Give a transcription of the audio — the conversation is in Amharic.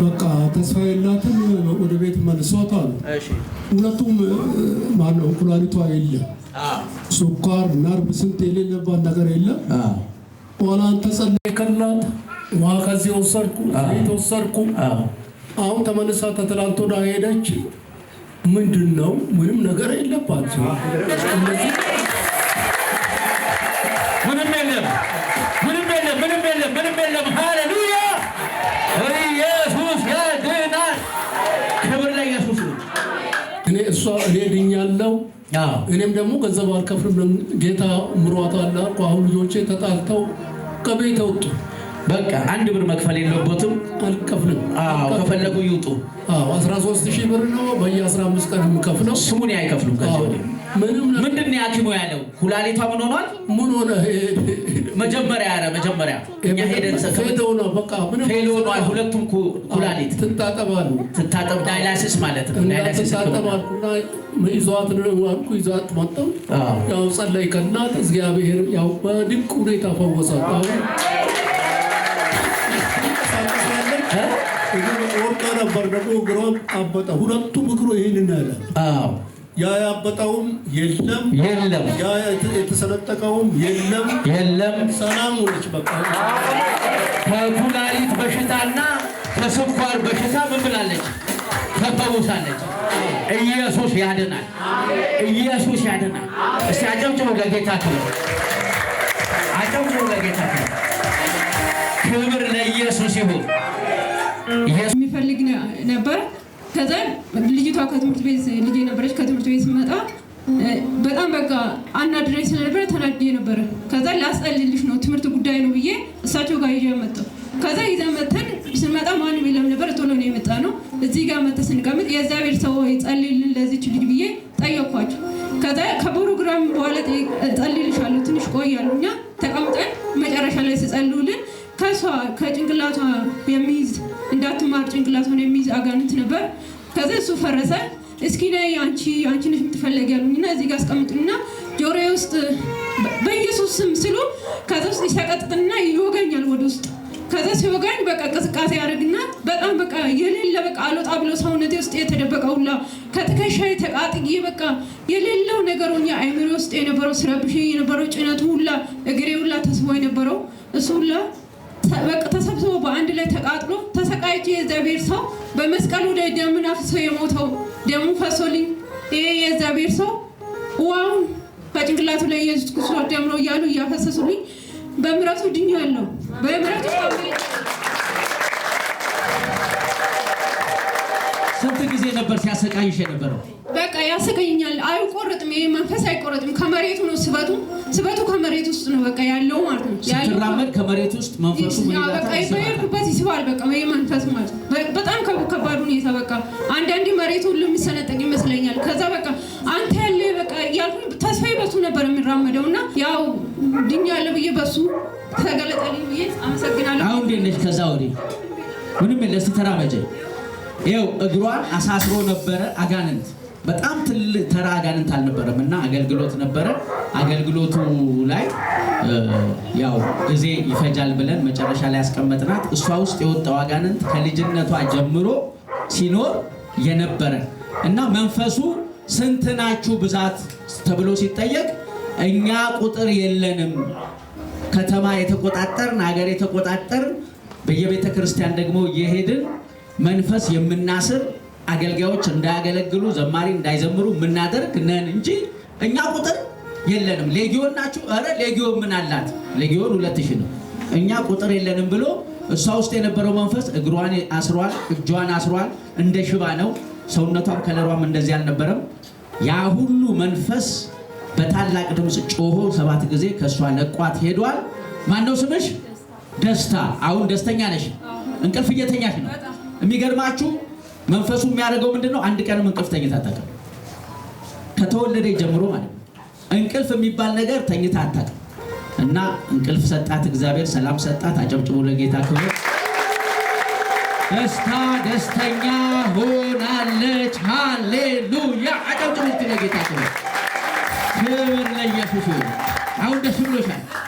በቃ ተስፋ የላትም ወደ ቤት መልሷት አሉ። እውነቱም ማነው ኩላሊቷ የለም፣ ሱኳር፣ ነርቭ ስንት የሌለባት ነገር የለም። በኋላ ተጸለይከላት ውሃ ከዚህ ወሰድኩ ወሰድኩ። አሁን ተመልሳ ተትላንት ሄደች። ምንድን ነው ምንም ነገር የለባቸው ምንም የለም ምንም የለም ምንም የለም ምንም የለም እኔም ደግሞ ገንዘብ አልከፍልም ጌታ ምሯት አለ አሁን ልጆቼ ተጣልተው ከቤት ወጡ። በቃ አንድ ብር መክፈል የለበትም። አልከፍልም። አዎ ከፈለጉ ይውጡ። አዎ 13 ሺህ ብር ነው በየ15 ቀን የምከፍለው። ስሙን አይከፍሉም። ምንም ምንድን ነው ያኪሙ ያለው? ኩላሊቷ ምን ሆኗል? ምን ሆነ? መጀመሪያ ያረ መጀመሪያ እኛ ሄደን ሰከፈተው ነው በቃ ምን ፌል ሆኗል። ሁለቱም ኩላሊት ትታጠባሉ። ትታጠብ ዳይላሲስ ማለት ነው። ዳይላሲስ ትታጠባሉና ይዟት ነው አልኩ። ይዟት መጣው። ያው ጸለይ ከእናት እግዚአብሔር ያው በድንቅ ሁኔታ ፈወሳት። አሁን በርደቁ እግሯ አበጠ። ሁለቱም እግሩ ይህንን ያለ ያ ያበጠውም የለም የለም፣ ያ የተሰነጠቀውም የለም የለም። ሰላም ሆነች። በቃ ከኩላሊት በሽታና ከስኳር በሽታ ምን ብላለች? ተፈውሳለች። ኢየሱስ ያድናል። ኢየሱስ ያድናል። እስቲ አጨብጭቡ ለጌታ ክብር፣ አጨብጭቡ ለጌታ ክብር። ነበረ። ከዛ ልጅቷ ከትምህርት ቤት ልጅ የነበረች ከትምህርት ቤት ስመጣ በጣም በቃ አናድረኝ ስለነበረ ተናድጄ ነበረ። ከዛ ላስጠልልሽ ነው ትምህርት ጉዳይ ነው ብዬ እሳቸው ጋር ይዤ መጣሁ። ከዛ ይዘን መተን ስንመጣ ማንም የለም ነበር። ቶሎ ነው የመጣ ነው። እዚህ ጋር መተን ስንቀምጥ የእግዚአብሔር ሰው ጸልልን ለዚች ልጅ ብዬ ጠየኳቸው። ከዛ ከፕሮግራም በኋላ ጸልልሻለሁ ትንሽ ቆያሉ እኛ ተቀምጠን መጨረሻ ላይ ስጸልዩልን ከሷ ከጭንቅላቷ የሚይዝ እንዳትማር ጭንቅላቷን የሚይዝ አጋንንት ነበር። ከዚ እሱ ፈረሰ። እስኪ ላይ አንቺ አንቺ ነሽ የምትፈለግ ያሉኝና እዚህ ጋር አስቀምጡና ጆሮ ውስጥ በኢየሱስ ስም ስሉ ከዚ ውስጥ ሲያቀጥጥና ይወጋኛል ወደ ውስጥ ከዚ ሲወጋኝ በቃ ቅስቃሴ ያደርግና በጣም በቃ የሌለ በቃ አልወጣ ብሎ ሰውነቴ ውስጥ የተደበቀ ሁላ ከትከሻ ተቃጥዬ በቃ የሌለው ነገር ሆኜ አይምሬ ውስጥ የነበረው ስረብሽ የነበረው ጭነቱ ሁላ እግሬ ሁላ ተስቦ የነበረው እሱ ሁላ ተሰብስቦ በአንድ ላይ ተቃጥሎ ተሰቃይቼ የእግዚአብሔር ሰው በመስቀሉ ደምን አፍሶ የሞተው ደሙ ፈሶልኝ ይሄ የእግዚአብሔር ሰው ዋውን በጭንቅላቱ ላይ ኢየሱስ ክርስቶስ ደም ነው እያሉ እያፈሰሱልኝ በምሕረቱ ድኛለሁ። በምረቱ ስንት ጊዜ ነበር ሲያሰቃይሽ የነበረው? በቃ ያሰቀኝ አልቆረጥም። ይሄ መንፈስ አይቆረጥም። ከመሬቱ ነው ስበቱ፣ ስበቱ ከመሬት ውስጥ ነው በቃ ያለው ማለት ነው። ስትራመድ ከመሬት ውስጥ መንፈሱ በቃ በሄድኩበት ይስባል። በቃ ይሄ መንፈስ ማለት በጣም ከባድ ሁኔታ በቃ አንዳንዴ መሬቱ ሁሉ የሚሰነጠቅ ይመስለኛል። ከዛ በቃ አንተ ያለ በቃ ያልኩኝ ተስፋዬ በሱ ነበር የሚራመደው እና ያው ድኛ ያለ ብዬ በሱ ተገለጠልኝ ብዬ አመሰግናለሁ። አሁን እንዴት ነች? ከዛ ወዲህ ምንም የለ ተራመጀ ይኸው እግሯን አሳስሮ ነበረ አጋንንት በጣም ትልቅ ተራ አጋንንት አልነበረም እና አገልግሎት ነበረ። አገልግሎቱ ላይ ያው ጊዜ ይፈጃል ብለን መጨረሻ ላይ ያስቀመጥናት እሷ ውስጥ የወጣው አጋንንት ከልጅነቷ ጀምሮ ሲኖር የነበረ እና መንፈሱ ስንት ናችሁ ብዛት ተብሎ ሲጠየቅ እኛ ቁጥር የለንም፣ ከተማ የተቆጣጠርን ሀገር የተቆጣጠርን በየቤተ ክርስቲያን ደግሞ እየሄድን መንፈስ የምናስር አገልጋዮች እንዳያገለግሉ ዘማሪ እንዳይዘምሩ የምናደርግ ነን እንጂ እኛ ቁጥር የለንም። ሌጊዮን ናችሁ? ኧረ ሌጊዮን ምን አላት? ሌጊዮን ሁለት ሺህ ነው። እኛ ቁጥር የለንም ብሎ እሷ ውስጥ የነበረው መንፈስ እግሯን አስሯል፣ እጇን አስሯል። እንደ ሽባ ነው ሰውነቷም ከለሯም እንደዚህ አልነበረም። ያ ሁሉ መንፈስ በታላቅ ድምፅ ጮሆ ሰባት ጊዜ ከእሷ ለቋት ሄዷል። ማነው ስምሽ? ደስታ። አሁን ደስተኛ ነሽ? እንቅልፍ እየተኛሽ ነው። የሚገርማችሁ መንፈሱ የሚያደርገው ምንድን ነው? አንድ ቀንም እንቅልፍ ተኝታ አታውቅም። ከተወለደ ጀምሮ ማለት ነው። እንቅልፍ የሚባል ነገር ተኝታ አታውቅም። እና እንቅልፍ ሰጣት እግዚአብሔር፣ ሰላም ሰጣት። አጨብጭቡ ለጌታ ክብር። ደስታ ደስተኛ ሆናለች። ሃሌሉያ! አጨብጭቡ ለጌታ ክብር። ክብር ለኢየሱስ ይሁን።